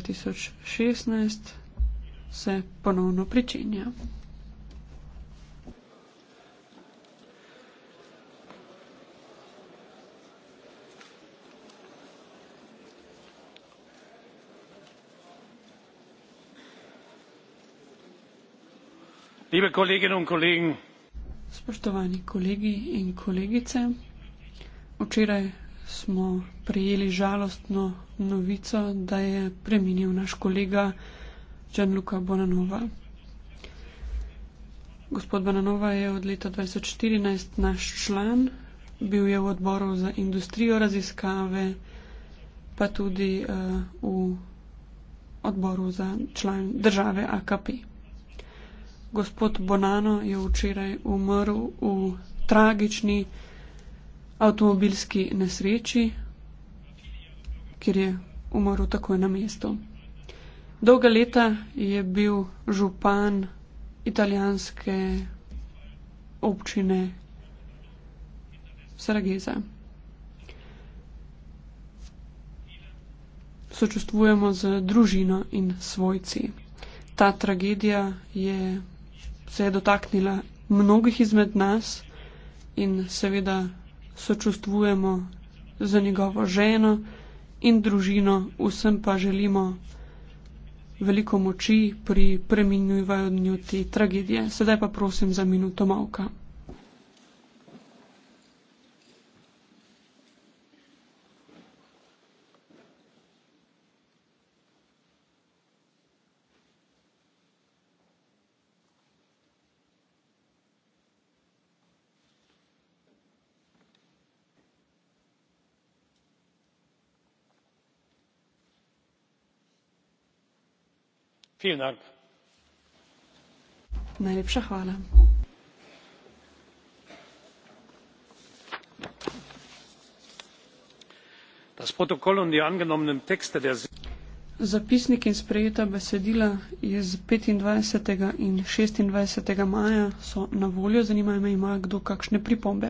2016 se ponovno pričenja. Liebe Kolleginnen und Kollegen, Spoštovani kolegi in kolegice, včeraj smo prejeli žalostno novico, da je preminil naš kolega Gianluca Bonanova. Gospod Bonanova je od leta 2014 naš član, bil je v odboru za industrijo raziskave, pa tudi uh, v odboru za član države AKP. Gospod Bonano je včeraj umrl v tragični avtomobilski nesreči, kjer je umrl takoj na mestu. Dolga leta je bil župan italijanske občine Sarageza. Sočustvujemo z družino in svojci. Ta tragedija je, se je dotaknila mnogih izmed nas in seveda sočustvujemo za njegovo ženo in družino, vsem pa želimo veliko moči pri preminjivanju te tragedije. Sedaj pa prosim za minuto malka. Najlepša hvala. Zapisnik in sprejeta besedila iz petindvajsetega in šestindvajsetega maja so na voljo. Zanima me, ima kdo kakšne pripombe?